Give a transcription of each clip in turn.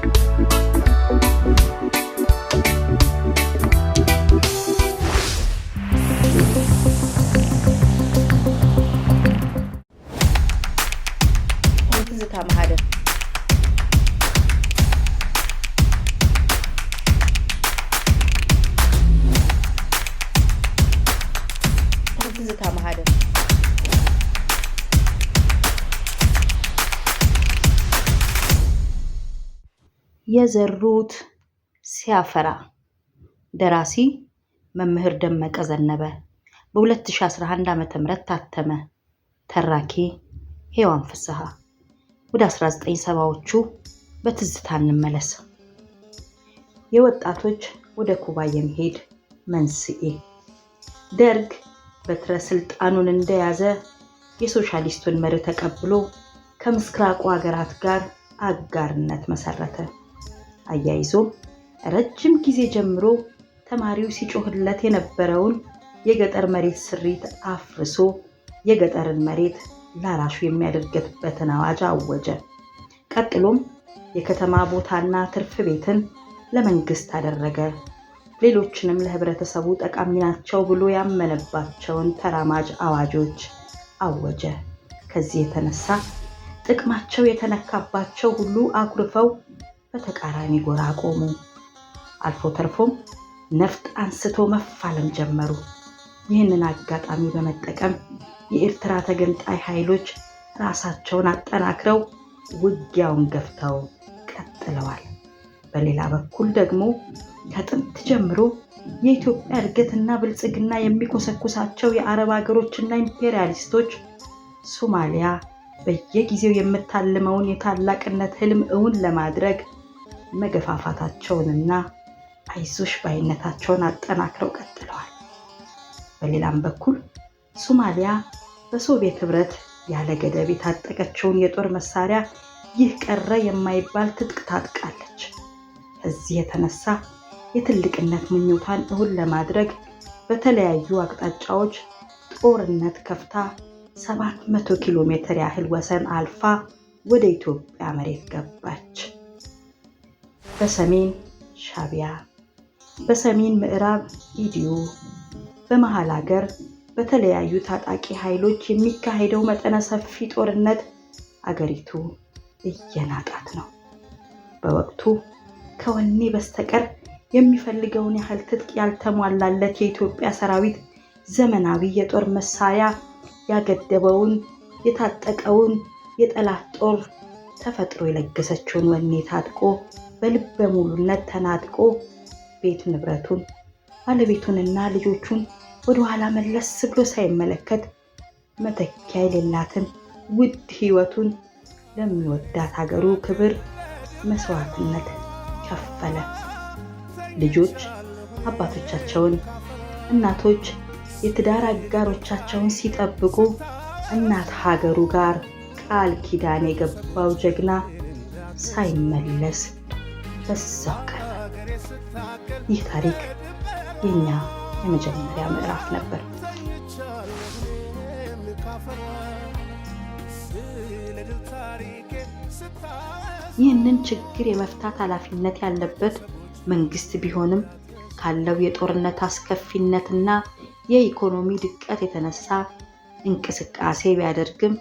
Thank you. የዘሩት ሲያፈራ ደራሲ መምህር ደመቀ ዘነበ በ2011 ዓ.ም ታተመ። ተራኪ ሔዋን ፍስሐ። ወደ 1970ዎቹ በትዝታ እንመለስ። የወጣቶች ወደ ኩባ የመሄድ መንስኤ ደርግ በትረ ስልጣኑን እንደያዘ የሶሻሊስቱን መርህ ተቀብሎ ከምስራቁ ሀገራት ጋር አጋርነት መሰረተ። አያይዞ ረጅም ጊዜ ጀምሮ ተማሪው ሲጮህለት የነበረውን የገጠር መሬት ስሪት አፍርሶ የገጠርን መሬት ላራሹ የሚያደርግበትን አዋጅ አወጀ። ቀጥሎም የከተማ ቦታና ትርፍ ቤትን ለመንግስት አደረገ። ሌሎችንም ለህብረተሰቡ ጠቃሚ ናቸው ብሎ ያመነባቸውን ተራማጅ አዋጆች አወጀ። ከዚህ የተነሳ ጥቅማቸው የተነካባቸው ሁሉ አኩርፈው በተቃራኒ ጎራ ቆሙ። አልፎ ተርፎም ነፍጥ አንስቶ መፋለም ጀመሩ። ይህንን አጋጣሚ በመጠቀም የኤርትራ ተገንጣይ ኃይሎች ራሳቸውን አጠናክረው ውጊያውን ገፍተው ቀጥለዋል። በሌላ በኩል ደግሞ ከጥንት ጀምሮ የኢትዮጵያ እድገትና ብልጽግና የሚኮሰኩሳቸው የአረብ ሀገሮችና ኢምፔሪያሊስቶች ሶማሊያ በየጊዜው የምታልመውን የታላቅነት ህልም እውን ለማድረግ መገፋፋታቸውንና አይዞሽ ባይነታቸውን አጠናክረው ቀጥለዋል። በሌላም በኩል ሶማሊያ በሶቪየት ህብረት ያለ ገደብ የታጠቀችውን የጦር መሳሪያ ይህ ቀረ የማይባል ትጥቅ ታጥቃለች። ከዚህ የተነሳ የትልቅነት ምኞቷን እውን ለማድረግ በተለያዩ አቅጣጫዎች ጦርነት ከፍታ 700 ኪሎ ሜትር ያህል ወሰን አልፋ ወደ ኢትዮጵያ መሬት ገባች። በሰሜን ሻቢያ በሰሜን ምዕራብ ኢዲዮ፣ በመሃል አገር በተለያዩ ታጣቂ ኃይሎች የሚካሄደው መጠነ ሰፊ ጦርነት አገሪቱ እየናጣት ነው። በወቅቱ ከወኔ በስተቀር የሚፈልገውን ያህል ትጥቅ ያልተሟላለት የኢትዮጵያ ሰራዊት ዘመናዊ የጦር መሳሪያ ያገደበውን የታጠቀውን የጠላት ጦር ተፈጥሮ የለገሰችውን ወኔ ታጥቆ በልበ ሙሉነት ተናጥቆ ቤት ንብረቱን ባለቤቱንና ልጆቹን ወደ ኋላ መለስ ብሎ ሳይመለከት መተኪያ የሌላትን ውድ ሕይወቱን ለሚወዳት ሀገሩ ክብር መስዋዕትነት ከፈለ። ልጆች አባቶቻቸውን፣ እናቶች የትዳር አጋሮቻቸውን ሲጠብቁ እናት ሀገሩ ጋር ቃል ኪዳን የገባው ጀግና ሳይመለስ በዛው ቀረ። ይህ ታሪክ የእኛ የመጀመሪያ ምዕራፍ ነበር። ይህንን ችግር የመፍታት ኃላፊነት ያለበት መንግስት ቢሆንም ካለው የጦርነት አስከፊነትና የኢኮኖሚ ድቀት የተነሳ እንቅስቃሴ ቢያደርግም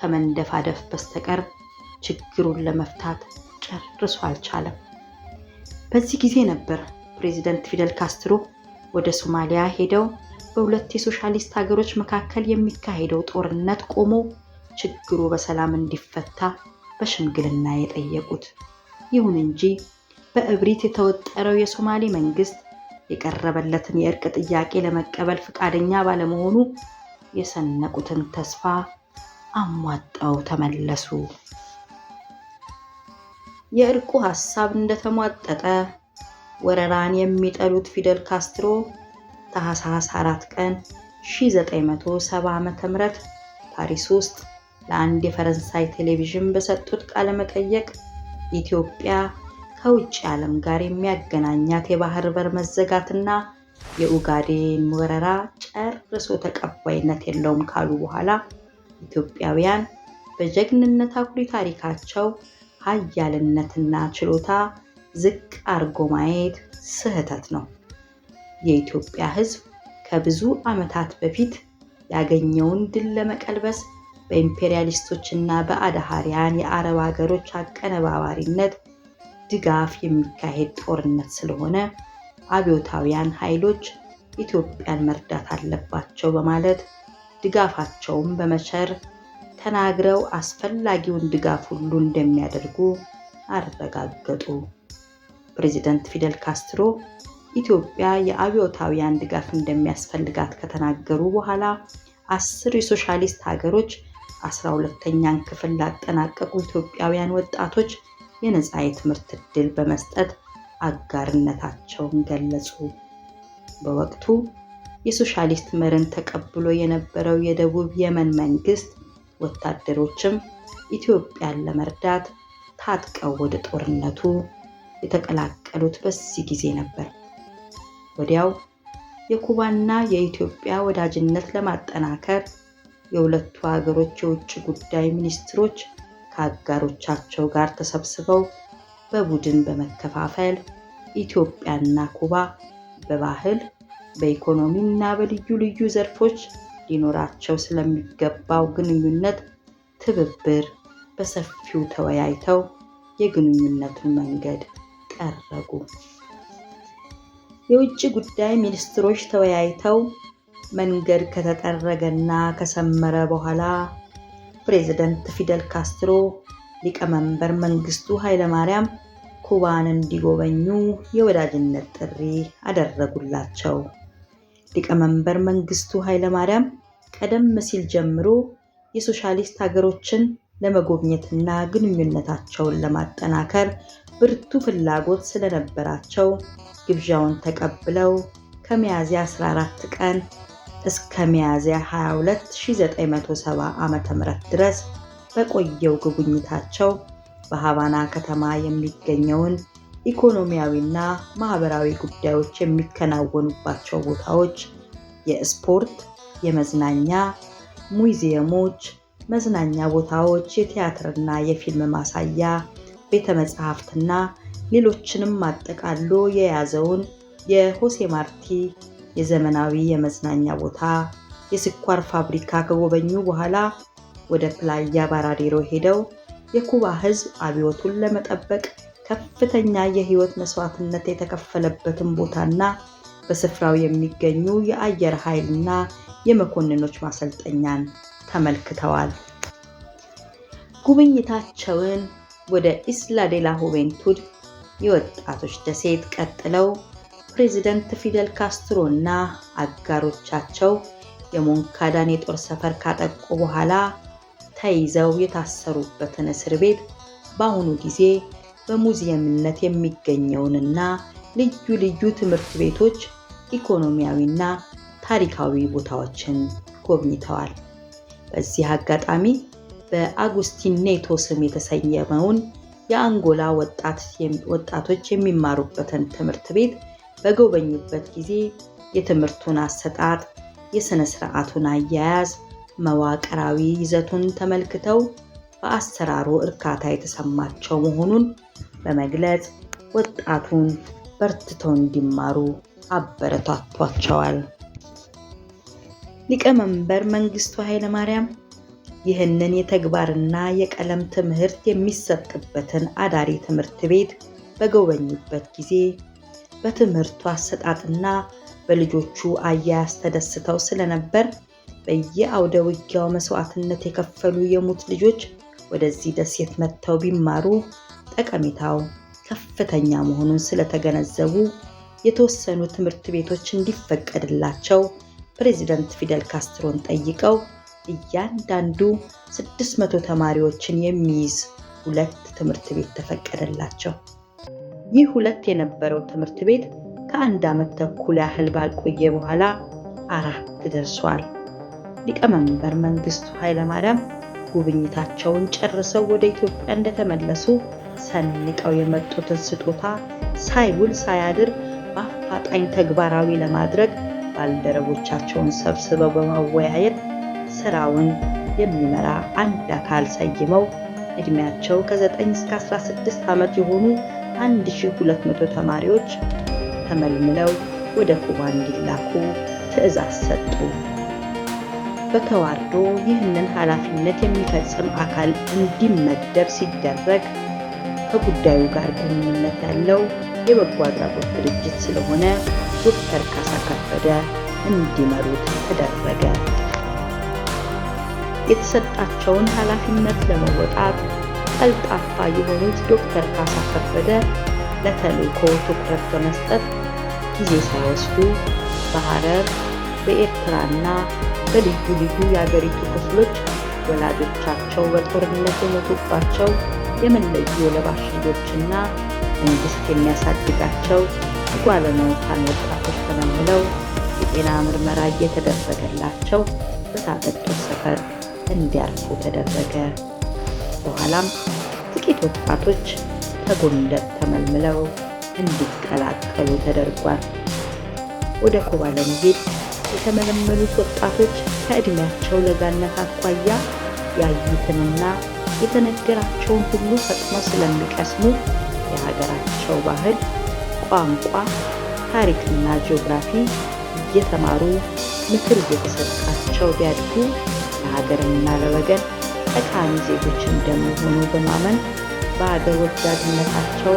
ከመንደፋደፍ በስተቀር ችግሩን ለመፍታት ጨርሶ አልቻለም። በዚህ ጊዜ ነበር ፕሬዚደንት ፊደል ካስትሮ ወደ ሶማሊያ ሄደው በሁለት የሶሻሊስት ሀገሮች መካከል የሚካሄደው ጦርነት ቆሞ ችግሩ በሰላም እንዲፈታ በሽምግልና የጠየቁት። ይሁን እንጂ በእብሪት የተወጠረው የሶማሌ መንግስት የቀረበለትን የእርቅ ጥያቄ ለመቀበል ፈቃደኛ ባለመሆኑ የሰነቁትን ተስፋ አሟጠው ተመለሱ። የእርቁ ሐሳብ እንደተሟጠጠ ወረራን የሚጠሉት ፊደል ካስትሮ ታህሳስ 4 ቀን 1970 ዓ.ም ፓሪስ ውስጥ ለአንድ የፈረንሳይ ቴሌቪዥን በሰጡት ቃለ መጠይቅ ኢትዮጵያ ከውጭ ዓለም ጋር የሚያገናኛት የባህር በር መዘጋትና የኡጋዴን ወረራ ጨርሶ ተቀባይነት የለውም ካሉ በኋላ ኢትዮጵያውያን በጀግንነት አኩሪ ታሪካቸው ሀያልነትና ችሎታ ዝቅ አርጎ ማየት ስህተት ነው። የኢትዮጵያ ሕዝብ ከብዙ ዓመታት በፊት ያገኘውን ድል ለመቀልበስ በኢምፔሪያሊስቶችና በአድሃሪያን የአረብ አገሮች አቀነባባሪነት ድጋፍ የሚካሄድ ጦርነት ስለሆነ አብዮታውያን ኃይሎች ኢትዮጵያን መርዳት አለባቸው በማለት ድጋፋቸውን በመቸር ተናግረው አስፈላጊውን ድጋፍ ሁሉ እንደሚያደርጉ አረጋገጡ። ፕሬዚደንት ፊደል ካስትሮ ኢትዮጵያ የአብዮታውያን ድጋፍ እንደሚያስፈልጋት ከተናገሩ በኋላ አስር የሶሻሊስት ሀገሮች አስራ ሁለተኛን ክፍል ላጠናቀቁ ኢትዮጵያውያን ወጣቶች የነፃ የትምህርት ዕድል በመስጠት አጋርነታቸውን ገለጹ። በወቅቱ የሶሻሊስት መርን ተቀብሎ የነበረው የደቡብ የመን መንግስት ወታደሮችም ኢትዮጵያን ለመርዳት ታጥቀው ወደ ጦርነቱ የተቀላቀሉት በዚህ ጊዜ ነበር። ወዲያው የኩባና የኢትዮጵያ ወዳጅነት ለማጠናከር የሁለቱ ሀገሮች የውጭ ጉዳይ ሚኒስትሮች ከአጋሮቻቸው ጋር ተሰብስበው በቡድን በመከፋፈል ኢትዮጵያና ኩባ በባህል፣ እና በልዩ ልዩ ዘርፎች ሊኖራቸው ስለሚገባው ግንኙነት ትብብር በሰፊው ተወያይተው የግንኙነቱን መንገድ ጠረጉ። የውጭ ጉዳይ ሚኒስትሮች ተወያይተው መንገድ ከተጠረገና ከሰመረ በኋላ ፕሬዚደንት ፊደል ካስትሮ ሊቀመንበር መንግስቱ ኃይለማርያም ኩባን እንዲጎበኙ የወዳጅነት ጥሪ አደረጉላቸው። ሊቀመንበር መንግስቱ ኃይለማርያም ቀደም ሲል ጀምሮ የሶሻሊስት ሀገሮችን ለመጎብኘትና ግንኙነታቸውን ለማጠናከር ብርቱ ፍላጎት ስለነበራቸው ግብዣውን ተቀብለው ከሚያዝያ 14 ቀን እስከ ሚያዝያ 22 1970 ዓ.ም ድረስ በቆየው ጉብኝታቸው በሃቫና ከተማ የሚገኘውን ኢኮኖሚያዊና ማህበራዊ ጉዳዮች የሚከናወኑባቸው ቦታዎች የስፖርት፣ የመዝናኛ፣ ሙዚየሞች፣ መዝናኛ ቦታዎች፣ የቲያትርና የፊልም ማሳያ፣ ቤተ መጻሕፍትና ሌሎችንም አጠቃሎ የያዘውን የሆሴ ማርቲ የዘመናዊ የመዝናኛ ቦታ የስኳር ፋብሪካ ከጎበኙ በኋላ ወደ ፕላያ ባራዴሮ ሄደው የኩባ ሕዝብ አብዮቱን ለመጠበቅ ከፍተኛ የህይወት መስዋዕትነት የተከፈለበትን ቦታና በስፍራው የሚገኙ የአየር ኃይልና የመኮንኖች ማሰልጠኛን ተመልክተዋል። ጉብኝታቸውን ወደ ኢስላ ዴ ሁቬንቱድ የወጣቶች ደሴት ቀጥለው ፕሬዚደንት ፊደል ካስትሮ እና አጋሮቻቸው የሞንካዳን የጦር ሰፈር ካጠቁ በኋላ ተይዘው የታሰሩበትን እስር ቤት በአሁኑ ጊዜ በሙዚየምነት የሚገኘውንና ልዩ ልዩ ትምህርት ቤቶች፣ ኢኮኖሚያዊና ታሪካዊ ቦታዎችን ጎብኝተዋል። በዚህ አጋጣሚ በአጉስቲን ኔቶ ስም የተሰየመውን የአንጎላ ወጣቶች የሚማሩበትን ትምህርት ቤት በጎበኙበት ጊዜ የትምህርቱን አሰጣጥ፣ የሥነ ሥርዓቱን አያያዝ፣ መዋቅራዊ ይዘቱን ተመልክተው በአሰራሩ እርካታ የተሰማቸው መሆኑን በመግለጽ ወጣቱን በርትተው እንዲማሩ አበረታቷቸዋል። ሊቀመንበር መንግስቱ ኃይለማርያም ይህንን የተግባርና የቀለም ትምህርት የሚሰጥበትን አዳሪ ትምህርት ቤት በጎበኙበት ጊዜ በትምህርቱ አሰጣጥና በልጆቹ አያያዝ ተደስተው ስለነበር በየአውደ ውጊያው መስዋዕትነት የከፈሉ የሙት ልጆች ወደዚህ ደሴት መጥተው ቢማሩ ጠቀሜታው ከፍተኛ መሆኑን ስለተገነዘቡ የተወሰኑ ትምህርት ቤቶች እንዲፈቀድላቸው ፕሬዚደንት ፊደል ካስትሮን ጠይቀው እያንዳንዱ 600 ተማሪዎችን የሚይዝ ሁለት ትምህርት ቤት ተፈቀደላቸው። ይህ ሁለት የነበረው ትምህርት ቤት ከአንድ ዓመት ተኩል ያህል ባልቆየ በኋላ አራት ደርሷል። ሊቀመንበር መንግስቱ ኃይለማርያም ጉብኝታቸውን ጨርሰው ወደ ኢትዮጵያ እንደተመለሱ ሰንቀው የመጡትን ስጦታ ሳይውል ሳያድር በአፋጣኝ ተግባራዊ ለማድረግ ባልደረቦቻቸውን ሰብስበው በመወያየት ስራውን የሚመራ አንድ አካል ሰይመው እድሜያቸው ከ9 እስከ 16 ዓመት የሆኑ 1200 ተማሪዎች ተመልምለው ወደ ኩባ እንዲላኩ ትዕዛዝ ሰጡ። በተዋርዶ ይህንን ኃላፊነት የሚፈጽም አካል እንዲመደብ ሲደረግ ከጉዳዩ ጋር ግንኙነት ያለው የበጎ አድራጎት ድርጅት ስለሆነ ዶክተር ካሳ ከበደ እንዲመሩት ተደረገ። የተሰጣቸውን ኃላፊነት ለመወጣት ቀልጣፋ የሆኑት ዶክተር ካሳ ከበደ ለተልእኮ ትኩረት በመስጠት ጊዜ ሳይወስዱ በሐረር በኤርትራና በልዩ ልዩ የአገሪቱ ክፍሎች ወላጆቻቸው በጦርነት የሞቱባቸው የመለዩ ለባሽዮችና መንግስት የሚያሳድጋቸው የጓለማውታን ወጣቶች ተመልምለው የጤና ምርመራ እየተደረገላቸው በሳገጡት ሰፈር እንዲያርፉ ተደረገ። በኋላም ጥቂት ወጣቶች ከጎንደር ተመልምለው እንዲቀላቀሉ ተደርጓል። ወደ ኮባ ለመሄድ የተመለመሉት ወጣቶች ከዕድሜያቸው ለጋነት አኳያ ያዩትንና የተነገራቸውን ሁሉ ፈጥነው ስለሚቀስሙ የሀገራቸው ባህል፣ ቋንቋ፣ ታሪክና ጂኦግራፊ እየተማሩ ምክር እየተሰጣቸው ቢያድጉ ለሀገርና ለወገን ጠቃሚ ዜጎች እንደሚሆኑ በማመን በሀገር ወዳድነታቸው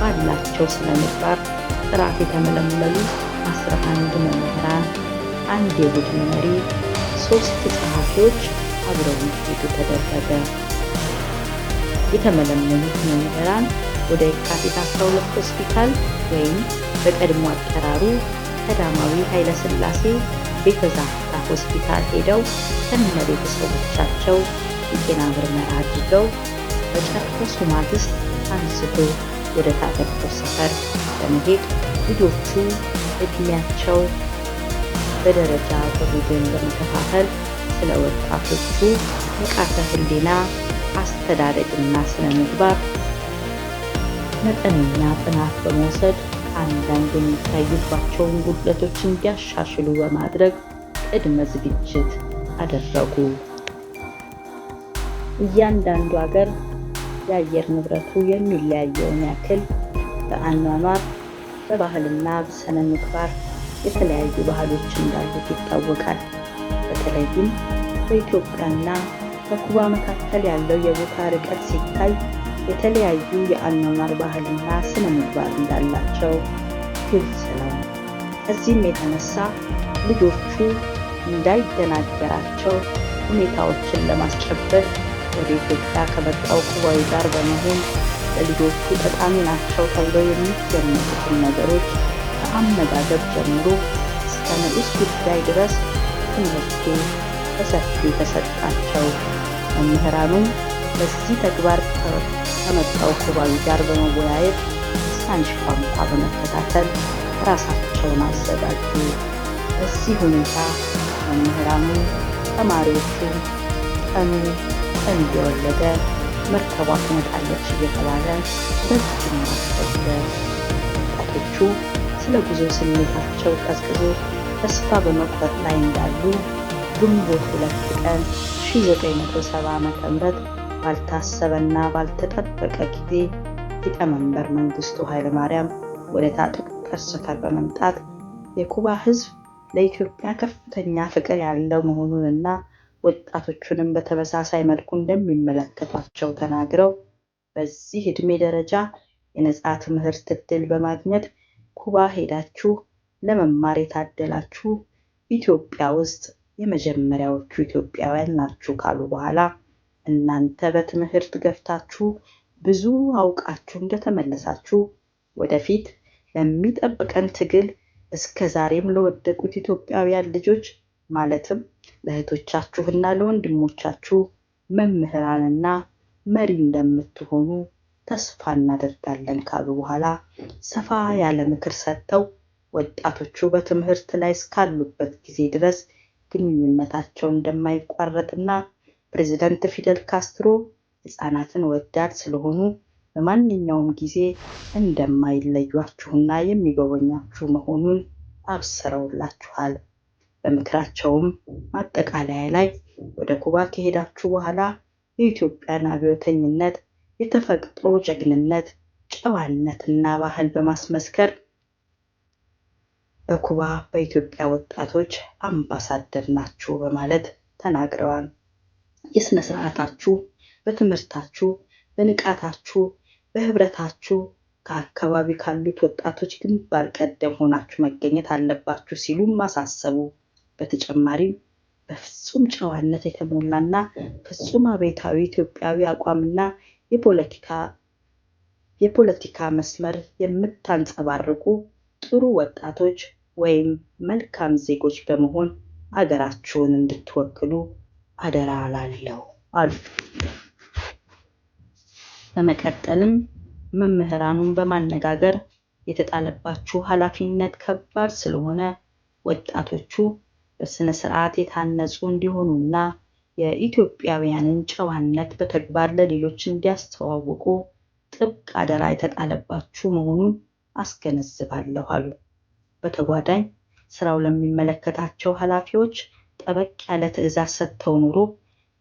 ባላቸው ስነምግባር ጥራት የተመለመሉ አስራ አንድ መምህራን፣ አንድ የቡድን መሪ፣ ሶስት ጸሐፊዎች አብረው እንዲሄዱ ተደረገ። የተመለመሉት መምህራን ወደ የካቲት 12 ሆስፒታል ወይም በቀድሞ አጠራሩ ቀዳማዊ ኃይለሥላሴ ቤተ ሆስፒታል ሄደው ከነ ቤተሰቦቻቸው የጤና ምርመራ አድርገው በጨረሱ ማግስት አንስቶ ወደ ታጠቀው ሰፈር በመሄድ ልጆቹ እድሜያቸው በደረጃ በቡድን በመከፋፈል ስለ ወጣቶቹ ንቃተ ህሊና አስተዳደግና ስነ ምግባር መጠነኛ ጥናት በመውሰድ አንዳንድ የሚታዩባቸውን ጉድለቶች እንዲያሻሽሉ በማድረግ ቅድመ ዝግጅት አደረጉ። እያንዳንዱ ሀገር የአየር ንብረቱ የሚለያየውን ያክል በአኗኗር በባህልና በስነ ምግባር የተለያዩ ባህሎች እንዳሉት ይታወቃል። በተለይም በኢትዮጵያና በኩባ መካከል ያለው የቦታ ርቀት ሲታይ የተለያዩ የአኗኗር ባህልና ስነ ምግባር እንዳላቸው ግልጽ ነው። ከዚህም የተነሳ ልጆቹ እንዳይደናገራቸው ሁኔታዎችን ለማስጨበር ወደ ኢትዮጵያ ከመጣው ኩባዊ ጋር በመሆን ለልጆቹ ጠቃሚ ናቸው ተብለው የሚገመቱትን ነገሮች ከአመጋገብ ጀምሮ እስከ ንዑስ ጉዳይ ድረስ ትምህርቱ በሰፊው ተሰጣቸው። መምህራኑም በዚህ ተግባር ከመጣው ኩባዊ ጋር በመወያየት ሳንሽ ቋንቋ በመከታተል ራሳቸውን አዘጋጁ። በዚህ ሁኔታ መምህራኑ ተማሪዎቹን ቀኑ እንደወለደ መርከቧ ትመጣለች እየተባለ በእጅግ ማስፈደ ወጣቶቹ ስለ ጉዞ ስሜታቸው ቀዝቅዞ ተስፋ በመቁረጥ ላይ እንዳሉ ግንቦት ሁለት ቀን በ1970 ዓ.ም ባልታሰበና ባልተጠበቀ ጊዜ ሊቀመንበር መንግስቱ ኃይለማርያም ወደ ታጠቅ ቀስታ በመምጣት የኩባ ህዝብ ለኢትዮጵያ ከፍተኛ ፍቅር ያለው መሆኑንና ወጣቶቹንም በተመሳሳይ መልኩ እንደሚመለከቷቸው ተናግረው በዚህ እድሜ ደረጃ የነጻ ትምህርት እድል በማግኘት ኩባ ሄዳችሁ ለመማር የታደላችሁ ኢትዮጵያ ውስጥ የመጀመሪያዎቹ ኢትዮጵያውያን ናችሁ ካሉ በኋላ እናንተ በትምህርት ገፍታችሁ ብዙ አውቃችሁ እንደተመለሳችሁ ወደፊት ለሚጠብቀን ትግል እስከ ዛሬም ለወደቁት ኢትዮጵያውያን ልጆች ማለትም ለእህቶቻችሁና ለወንድሞቻችሁ መምህራንና መሪ እንደምትሆኑ ተስፋ እናደርጋለን ካሉ በኋላ ሰፋ ያለ ምክር ሰጥተው ወጣቶቹ በትምህርት ላይ እስካሉበት ጊዜ ድረስ ግንኙነታቸው እንደማይቋረጥና ፕሬዝዳንት ፊደል ካስትሮ ህጻናትን ወዳድ ስለሆኑ በማንኛውም ጊዜ እንደማይለዩአችሁና የሚጎበኛችሁ መሆኑን አብስረውላችኋል። በምክራቸውም ማጠቃለያ ላይ ወደ ኩባ ከሄዳችሁ በኋላ የኢትዮጵያን አብዮተኝነት፣ የተፈጥሮ ጀግንነት፣ ጨዋነትና ባህል በማስመስከር በኩባ በኢትዮጵያ ወጣቶች አምባሳደር ናችሁ በማለት ተናግረዋል። የሥነ ሥርዓታችሁ፣ በትምህርታችሁ፣ በንቃታችሁ፣ በህብረታችሁ ከአካባቢ ካሉት ወጣቶች ግንባር ቀደም ሆናችሁ መገኘት አለባችሁ ሲሉም አሳሰቡ። በተጨማሪም በፍጹም ጨዋነት የተሞላና ፍጹም አቤታዊ ኢትዮጵያዊ አቋምና የፖለቲካ የፖለቲካ መስመር የምታንጸባርቁ ጥሩ ወጣቶች ወይም መልካም ዜጎች በመሆን አገራችሁን እንድትወክሉ አደራ ላለው አሉ። በመቀጠልም መምህራኑን በማነጋገር የተጣለባችሁ ኃላፊነት ከባድ ስለሆነ ወጣቶቹ በስነ ስርዓት የታነጹ እንዲሆኑና የኢትዮጵያውያንን ጨዋነት በተግባር ለሌሎች እንዲያስተዋውቁ ጥብቅ አደራ የተጣለባችሁ መሆኑን አስገነዝባለሁ አሉ። በተጓዳኝ ስራው ለሚመለከታቸው ኃላፊዎች ጠበቅ ያለ ትዕዛዝ ሰጥተው ኑሮ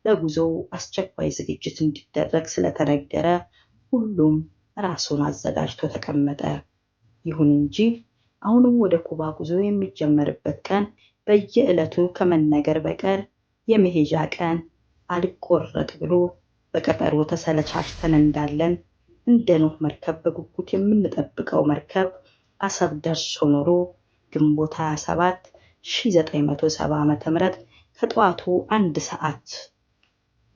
ለጉዞው አስቸኳይ ዝግጅት እንዲደረግ ስለተነገረ ሁሉም ራሱን አዘጋጅቶ ተቀመጠ። ይሁን እንጂ አሁንም ወደ ኩባ ጉዞ የሚጀመርበት ቀን በየዕለቱ ከመነገር በቀር የመሄጃ ቀን አልቆረጥ ብሎ በቀጠሮ ተሰለቻችተን እንዳለን እንደ ኖህ መርከብ በጉጉት የምንጠብቀው መርከብ አሰብ ደርሶ ኖሮ ግንቦት 27 1970 ዓ.ም ከጠዋቱ አንድ ሰዓት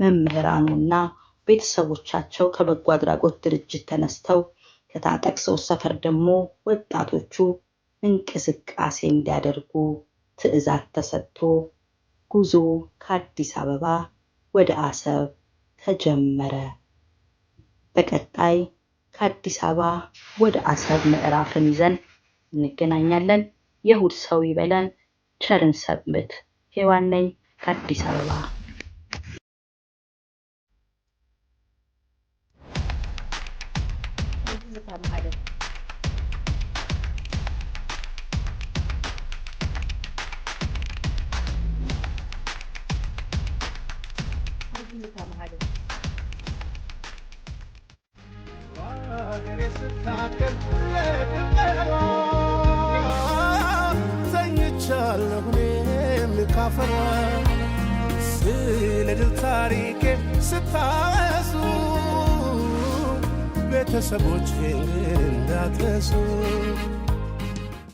መምህራኑና ቤተሰቦቻቸው ከበጎ አድራጎት ድርጅት ተነስተው ከታጠቅ ሰው ሰፈር ደግሞ ወጣቶቹ እንቅስቃሴ እንዲያደርጉ ትዕዛዝ ተሰጥቶ ጉዞ ከአዲስ አበባ ወደ አሰብ ተጀመረ። በቀጣይ ከአዲስ አበባ ወደ አሰብ ምዕራፍን ይዘን እንገናኛለን። የሁድ ሰው ይበለን። ቸርን ሰንብት። ሔዋን ነኝ ከአዲስ አበባ። ተኝቻለሁ እኔም ልካፈራ ስለ ድል ታሪኬ ስታወሱ ቤተሰቦቼን እንዳትረሱ